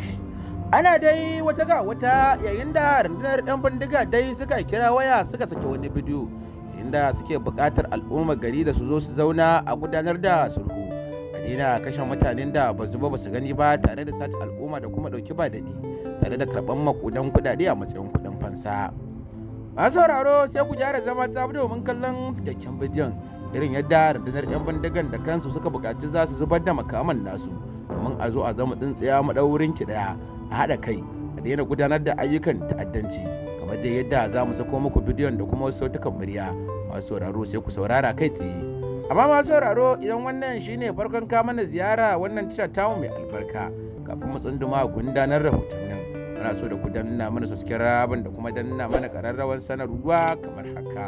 shi ana dai wata ga wata yayin da rundunar 'yan bindiga dai suka kira waya suka saki wani bidiyo da suke buƙatar al'ummar gari da su zo su zauna a gudanar da sulhu a dina kashe mutanen da ba su ba su gani ba tare da sace al'umma da kuma ɗauki ba daɗi tare da karɓar makudan kuɗaɗe a matsayin kuɗin fansa a sauraro sai ku gyara zama tsabu domin kallon cikakken bidiyon irin yadda rundunar 'yan bindigan da kansu suka buƙaci za su zubar da makaman nasu kamar a zo a zama tsintsiya maɗaurin ki ɗaya a haɗa kai a daina gudanar da ayyukan ta'addanci kamar da yadda za mu sako muku bidiyon da kuma wasu sautukan murya masu sauraro sai ku saurara kai tsaye amma masu sauraro idan wannan shine farkon ka mana ziyara wannan tashar tamu mai albarka kafin mu tsunduma gundanar rahotannin muna so da ku danna mana subscribe da kuma danna mana kararrawar sanarwa kamar haka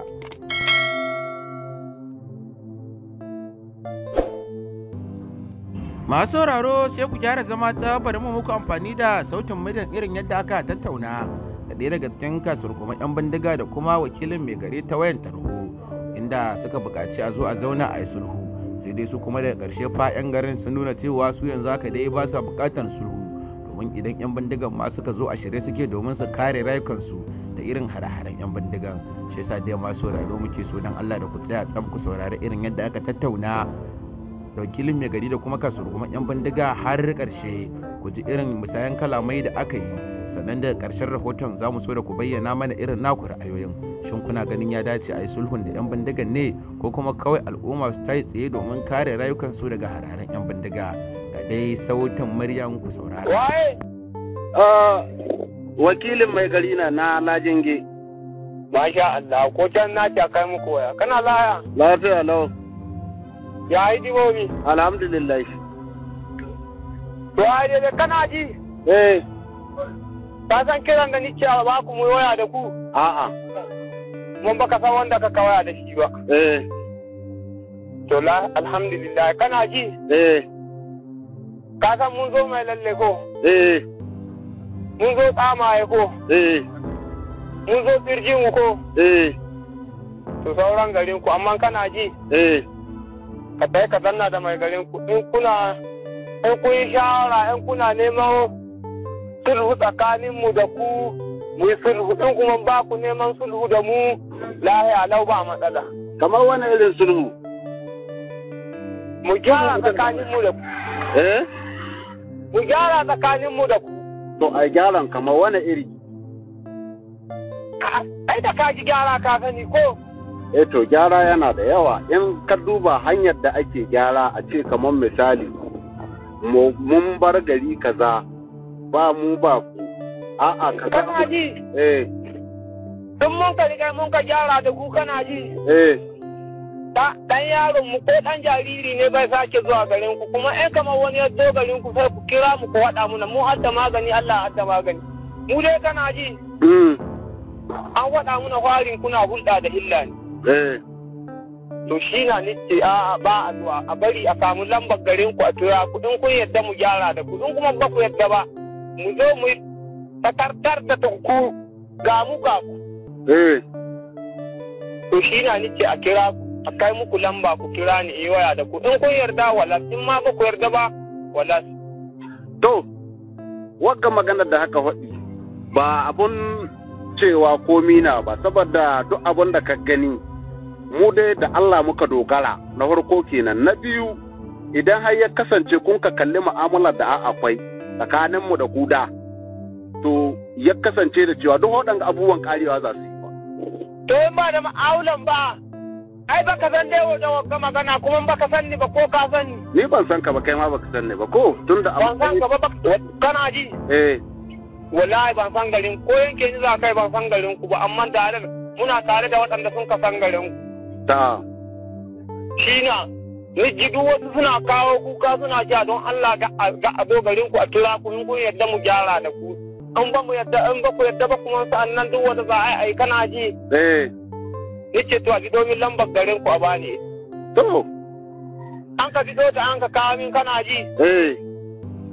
masu sauraro sai ku gyara zama ta bari mu muku amfani da sautin muryar irin yadda aka tattauna da ɗaya daga cikin kasuwar kuma 'yan bindiga da kuma wakilin mai gari ta wayan tarho inda suka buƙaci a zo a zauna a yi sulhu sai dai su kuma daga ƙarshe fa 'yan garin sun nuna cewa su yanzu haka dai ba sa buƙatar sulhu domin idan 'yan bindigan ma suka zo a shirye suke domin su kare rayukansu da irin hare-haren 'yan bindigan shi yasa dai masu sauraro muke so don Allah da ku tsaya tsam ku saurari irin yadda aka tattauna wakilin mai gari da kuma kuma 'yan bindiga har karshe ku ji irin musayan kalamai da aka yi sannan da ƙarshen rahoton za mu so da ku bayyana mana irin naku ra'ayoyin shin kuna ganin ya dace a yi sulhun da 'yan bindigan ne ko kuma kawai al'umma su tayi tsaye domin kare rayukansu daga hararen 'yan bindiga ga dai sautin muryan ku saurara. Ah, wakilin mai gari na na Masha Allah, ko can na ta kai muku waya, kana laya? Lafiya lau. ya yi dimomi alhamdulillah to ai da kana ji eh ka san kiran da nike a ba ku mu waya da ku a'a mun baka san wanda ka kawaya da shi ba eh to la alhamdulillah kana ji eh ka san mun zo mai lalle ko eh mun zo tsamaye ko eh mun zo tsirjin ko eh to sauran garin ku amma kana ji eh ka kai ka zanna da mai garin ku in kuna in kun shawara in kuna neman sulhu tsakanin mu da ku mu yi sulhu in kuma ba ku neman sulhu da mu lahiya lau ba matsala kamar wani irin sulhu mu gyara tsakanin mu da ku eh mu gyara tsakanin mu da ku to a gyaran kamar wani iri ai da ka ji gyara ka sani ko Eto, eh gyara yana da yawa in ka duba hanyar da ake gyara a ce kamar misali mun bar gari kaza ba mu ba ku a'a ka kana ji eh in mun ka riga mun ka gyara da ku kana ji eh dan yaron mu ko dan jariri ne bai sake zuwa garin ku kuma in kamar wani ya zo garin ku sai ku kira mu ku wada muna mu hadda magani Allah hadda magani mu dai kana ji mm. an wada muna kwarin kuna hulɗa da illa ne Eh. to shi na nice a ba addu'a a bari a samu lambar garin ku a tura kuɗin kun yadda mu gyara da kuɗin kuma ba ku yadda ba mu zo mu takardar da tunku ga mu ga ku eh. to shi na nice a kira ku a kai muku lamba ku kira ni yi eh, waya da ku kun yarda wala in ma ba ku yarda ba wala to wagga maganar da haka faɗi ba abun cewa komi na ba saboda duk abun da ka gani mu dai da Allah muka dogara na farko kenan na biyu idan har ya kasance kun ka kalli mu'amalar da akwai tsakaninmu da kuda to ya kasance da cewa duk waɗanda abubuwan karewa za su yi ba. To in ba da ma'aulan ba ai ba ka san dai da wanka magana kuma ba ka san ni ba ko ka san ni. Ni ban san ka ba kai ma ba ka san ni ba ko tun da abu. Ban san ka ba kana ji. Eh. Wallahi ban san garin ko yanke ni za kai ban san garin ku ba amma da muna tare da waɗanda sun ka san garin ku. Shi na, ji duk wasu suna kawo kuka suna ja don Allah ga abo garin ku a tura ku in kun yadda mu gyara da ku. An ba mu yadda an ba ku yadda ba kuma sa'annan duk wanda za a yi kana ji. Eh. ce to a bi domin lambar garin ku a bani. To. An ka fito ta an ka kawo min kana ji. Eh.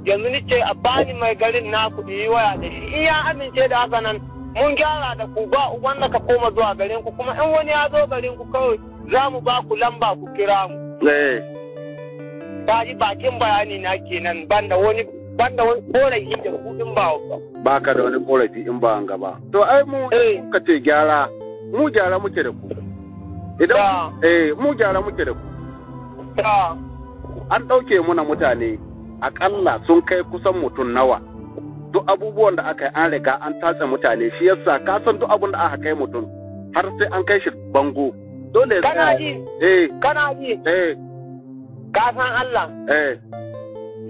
Yanzu ce a bani mai garin na ku yi waya da shi. In ya amince da haka nan. mun gyara da ku ba wannan ka koma zuwa garin ku kuma in wani ya zo garin ku kawai za mu ba ku lamba ku kira mu. Eh. Ta ji bakin bayani na kenan banda wani banda wani korafi da ku in ba ba ka da wani korafi in ba an gaba. To ai mu eh. ka ce gyara mu gyara muke da ku. Idan eh mu gyara muke da ku. An ɗauke muna mutane aƙalla sun kai kusan mutum nawa. duk abubuwan da aka yi an riga an tatse mutane shi yasa ka san duk abin da aka kai mutum har sai an kai shi bango dole ya kana ji eh kana ji eh ka san Allah eh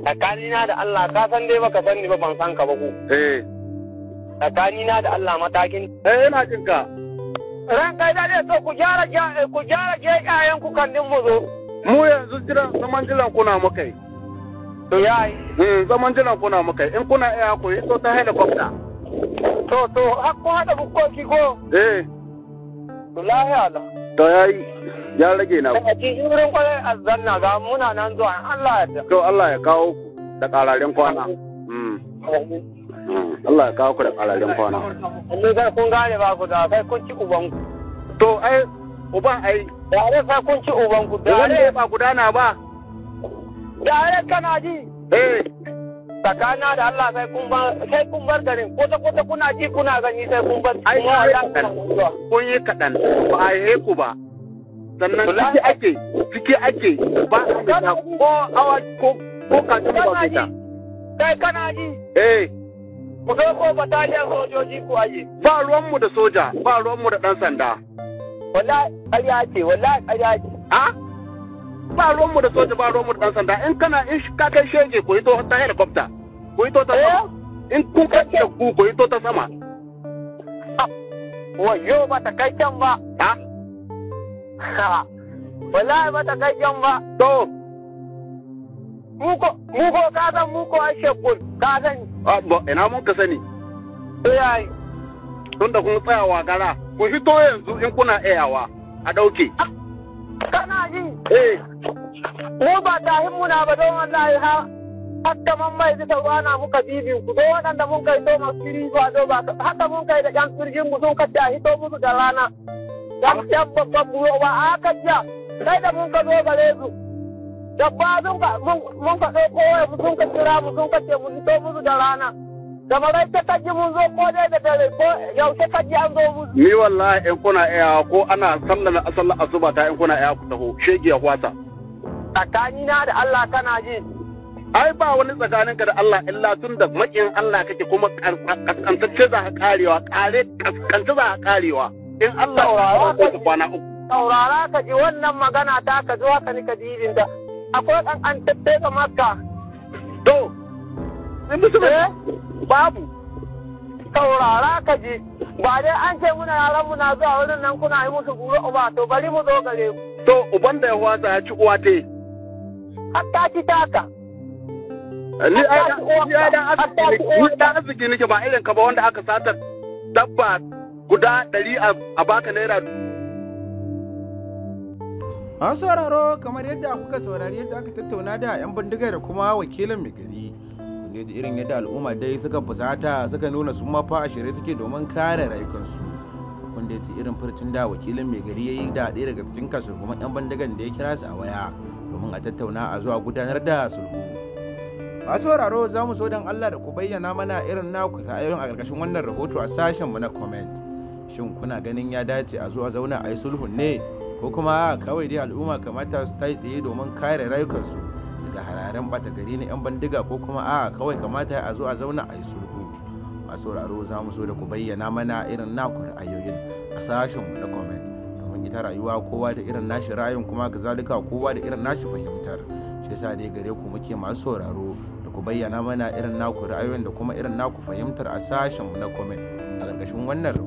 na da Allah ka san dai baka san ni ba ban san ka ba ko eh na da Allah matakin eh ina jin ka ran kai da so ku gyara ku gyara ge kayan ku kan din mu zo mu yanzu jira zaman jiran kuna mu kai to ya yi zaman jiran kuna muka in kuna iya ku yi to ta helicopter to to hakko hada bukkoki ko eh to lahiya ala. to ya yi ya rage na ku ci wurin kwarai azanna ga muna nan zuwa Allah ya to Allah ya kawo ku da kararen kwana mm. Mm. Allah ya kawo ku da kararen kwana ni ga kun gane ba ku da kai kun ci uban ku to ai uban ai da sai kun ci uban ku da ba gudana ba yare kana ji eh. tsakana da Allah sai kun bar sai kun bar garin ko kota kuna ji kuna gani sai kun bar ai kun yi kadan ba a yi ku ba sannan ciki ake ciki ake ba a ko awa ko ko ka ji ba ta kai kana ji eh mu ga ko bataliyar sojoji ko aje ba ruwan mu da soja ba ruwan mu da dan sanda wallahi ƙarya ce wallahi ƙarya ce ah? ba mu da soja ba mu da dan sanda in kana in ka kai shege ko ito ta helicopter ko ito ta sama eh? in kun ka ce ku ko ito ta sama. Wayo ba ta kai can ba. Ha? Wallahi ba ta kai can ba. To. Muko muko ka san muko a shekul ka sani. Ah, ina mun ka sani. Iyaye. Tunda kun tsayawa gara ku hito yanzu in kuna ayawa a ɗauke. Ah! kana yi? eh mu ba ta muna ba don Allah ya ha hatta man mai da tawana muka bibin ku do wadanda mun kai to masu firi ba zo ba haka mun kai da yan surgin mu sun kadda hito musu da rana Ƴan yan babban buro ba haka jiya, kai da mun ka zo bare su dabba mun ka ɗauko waya mu sun ka kira mu sun ka ce mu hito musu da rana da barai ta kaji mun zo ko dai da dare ko yaushe kaji an zo mun ni wallahi in kuna iya ko ana sallar sallar asuba ta in kuna iya ku taho shege ya kwata tsakani na da Allah kana ji ai ba wani tsakanin ka da Allah illa tun da makin Allah kake kuma kaskantacce za ka karewa kare kaskantacce za ka karewa in Allah ya ko ta kwana uku saurara ka ji wannan magana ta ka zuwa ka ni ka ji da akwai kan an tattaka maka to in musulmi eh? babu taurara ka je ba dai an ce muna yaran mu na zuwa wurin nan kuna yi musu guru uba to bari mu zo gare mu to uban da ya watsa ya ci uwa te hatta ci taka ni ai da azuki nake ba irin ka ba wanda aka satar dabba guda ɗari a baka naira an sauraro kamar yadda kuka saurari yadda aka tattauna da 'yan bindiga da kuma wakilin mai gari ya da irin yadda al'umma dai suka fusata suka nuna sun mafa a shirye suke domin kare rayukansu wanda ya irin furcin da wakilin mai gari ya yi da ɗaya daga cikin kasu kuma ɗan bandagan da ya kira su a waya domin a tattauna a zuwa gudanar da sulhu masu sauraro za mu so don allah da ku bayyana mana irin naku ra'ayoyin a ƙarƙashin wannan rahoto a sashen mu na comment shin kuna ganin ya dace a zuwa zauna a yi sulhun ne ko kuma kawai dai al'umma kamata su ta tsaye domin kare rayukansu yaren bata gari na 'yan bandiga ko kuma a kawai kamata a zo a zauna a yi sulhu masu sauraro za mu so da ku bayyana mana irin naku ra'ayoyin a sashen mu na comment domin ita rayuwa kowa da irin nashi ra'ayin kuma kazalika kowa da irin nashi fahimtar shi yasa dai gare ku muke masu sauraro da ku bayyana mana irin naku ra'ayoyin da kuma irin naku fahimtar a sashen mu na comment a ƙarƙashin wannan